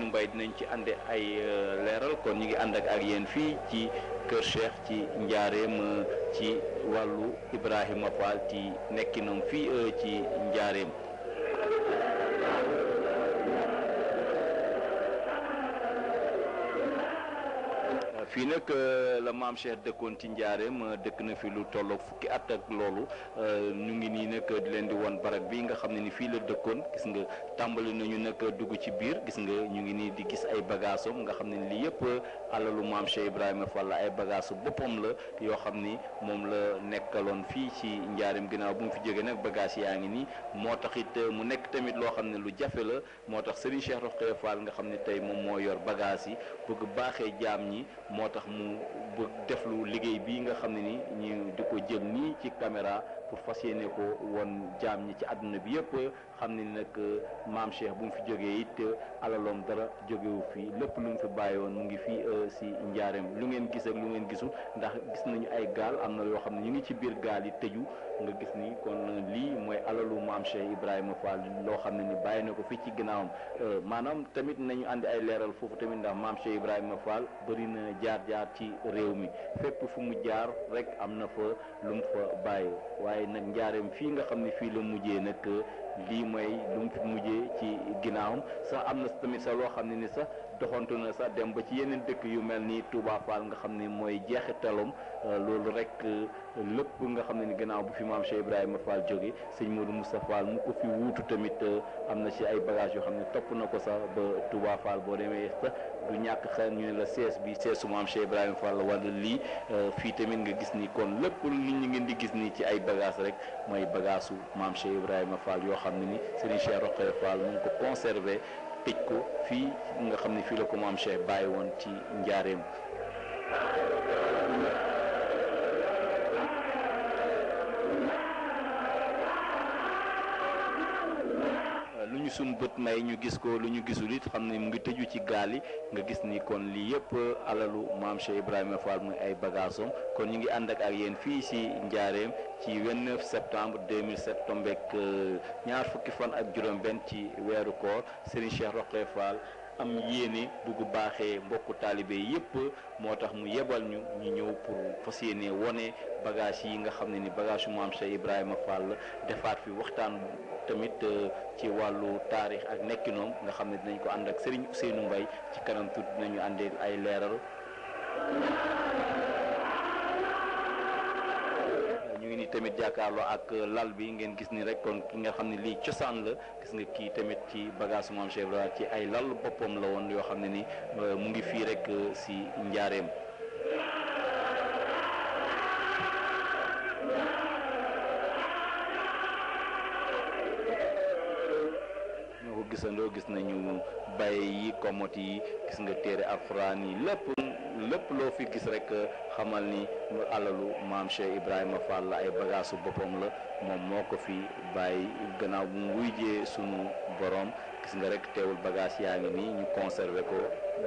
Ousseynou Mbaye dinañ ci ànd ay euh, leeral kon ñu ngi ànd ak ak yéen fii ci Kër Cheikh ci njaareem ci wàllu Ibrahima Fall ci nekkinam fii euh, ci njaareem. fii nag euh, la maam Cheikh dëkkoon ci njaareem euh, dëkk na fi lu tollook fukki at ak loolu euh, ñu ngi nii nekk di leen di won barab bi nga xam ne ni fii la dëkkoon gis nga tàmbali nañu nag dugg ci biir gis nga ñu ngi nii di gis ay bagaasam nga xam ne ni lii yëpp alalu maam Cheikh Ibrahima Fall ay bagaasu boppam la yoo xam ni moom la nekkaloon fii ci njaareem ginnaaw bu mu fi jógee nag bagages yaa ngi nii moo taxit it mu nekk tamit loo xam ne lu jafe la moo tax Serigne Cheikh nga xam ne tey moom moo yor bagages yi bëgg baaxee jaam ñi moo tax mu bëgg def liggéey bii nga xam ne ni ñu di ko jël nii ci caméra pour fas yéene ko woon jaam ñi ci àdduna bi yëpp xam ne nag euh, maam Cheikh bu mu fi jógee it euh, alaloom dara jógewu fi lépp lu mu fi bàyyi woon mu ngi fi euh, si njaareem lu ngeen gis ak lu ngeen gisul ndax gis nañu ay gaal am na yoo xam ne ñu ngi ci biir gaal yi tëju nga gis ni kon lii mooy alalu maam Cheikh Ibrahima Fall loo xam ne ni bàyyi na ko fii ci ginnaawam maanaam tamit nañu àndi ay leeral foofu tamit ndax maam Cheikh Ibrahima Fall bëri na jaar-jaar ci réew mi fépp fu mu jaar rek am na fa lu mu waaye nag njaareem fii nga xam ne fii la mujjee nag lii mooy lu mujje ci ginnaawam sax am na tamit sax loo xam ne ni sax doxantu na sax dem ba ci yeneen dëkk yu mel ni Touba Fall nga xam ne mooy jeexitalum euh, loolu rek euh, lépp nga xam ne ni gannaaw bu fi maam Cheikh Ibrahima Fall jóge sëñ Modou Moustapha Fall mu ko fi tamit euh, am na ci ay bagage yoo xam ne topp na ko sax ba boo demee sax ñàkk xel la sees bi seesu maam Cheikh Ibrahima Fall wala lii fii tamit nga gis ni kon lépp li ñu ngeen di gis nii ci ay bagage rek mooy bagage su maam Cheikh Ibrahima Fall yoo xam ne ni Serigne Cheikh Rokhaya Fall mu ko conservé tëj ko fii nga xam ne fii la ko maam Cheikh bàyyi woon ci njaareem. ñu suñ bët may ñu gis ko lu ñu gisul it xam ne mu ngi tëju ci gaali nga gis ni kon lii yëpp alalu maam Cheikh Ibrahima Fall mu ay bagaasam kon ñu ngi ànd ak ak yéen fii si Njaareem ci 29 septembre 2007 tombeek euh, ñaar fukki fan ak juróom-benn ci weeru koor Serigne Cheikh Roqe Fall. am yéene bugg baaxee mbokku taalibe yépp moo tax mu yebal ñu ñu ñëw pour fas yéene wone bagage yi nga xam ne ni bagage yu maam Cheikh Ibrahima Fall defaat fi waxtaan tamit euh, ci wàllu taarix ak nekkinoom nga xam ne dinañ ko ànd ak Serigne Ousseynou Mbaye ci kanam tuuti dinañu àndee ay leeral tamit jàkkaarloo ak lal bi ngeen gis ni rek kon ki nga xam ne lii cosaan la gis nga kii tamit ci bagage maam Cheikh Ibrahima ci ay lal boppam la woon yoo xam ni mu ngi fii rek uh, si njaareem gisandoo gis nañu bay yi komot gis nga téere alxuraan yi lépp lépp loo fi gis rek xamal ni lu alalu maam Cheikh Ibrahima Fall la ay bagaasu boppam la moom moo ko fi bàyyi gannaaw bu mu wuyjee sunu borom gis nga rek teewul bagage yaa ngi nii ñu conservé ko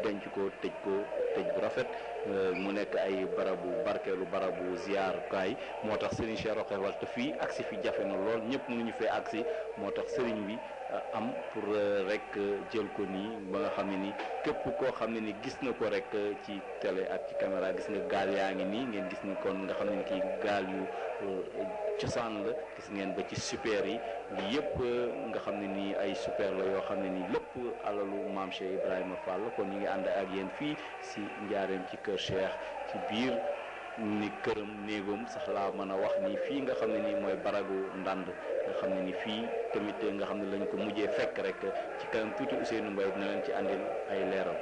denc ko tëj ko tëj bu rafet euh, mu nekk ay barabu barkeelu barabu ziyaarukaay moo tax Serigne Cheikh Rokhaya Fall te fii agsi fi jafe na lool ñëpp mënuñu fee agsi moo tax Serigne bi euh, am pour euh, rek jël ko nii ba nga xam ni képp koo xam ne ni gis na ko rek euh, ci télé ak ci caméra gis nga gaal yaa ngi nii ngeen gis ni kon nga xam ne ni kii gaal yu euh, cosaan la gis ngeen ba ci super yi yëpp euh, nga xam ne nii ay super la yoo xam ne nii lépp alalu maam Cheikh Ibrahima Fall kon ñu ngi ànd ak yéen fii si njaareem ci kër Cheikh ci biir ni këram néegam sax laa mën a wax ni fii nga xam ne nii mooy baragu ndànd nga xam ne ni fii tamit nga xam ne lañ ko mujjee fekk nekk ci kanam tuuti Ousseynou Mbaye dina ci andil ay leeral.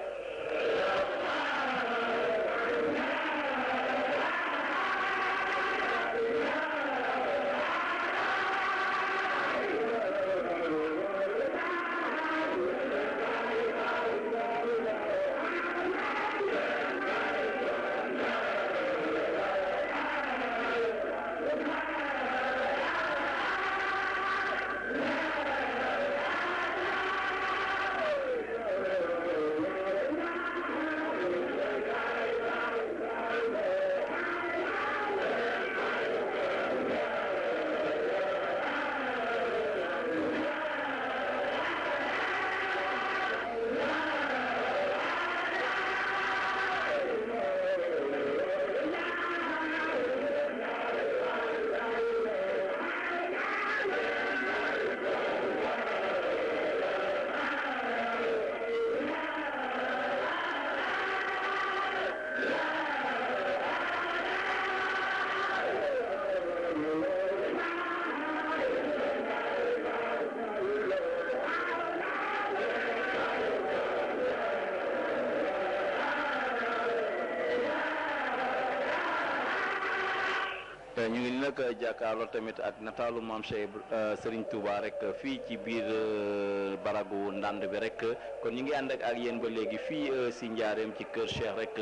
ñu ngi nag jàkkaarloo tamit ak nataalu maam Cheikh euh, Serigne Touba rek fii ci biir euh, baragu ndànd bi rek kon ñu ngi ànd ak yéen ba léegi fii euh, si njaareem ci kër Cheikh rek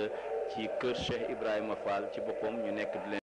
ci kër Cheikh Ibrahima Fall ci boppam ñu nekk di leen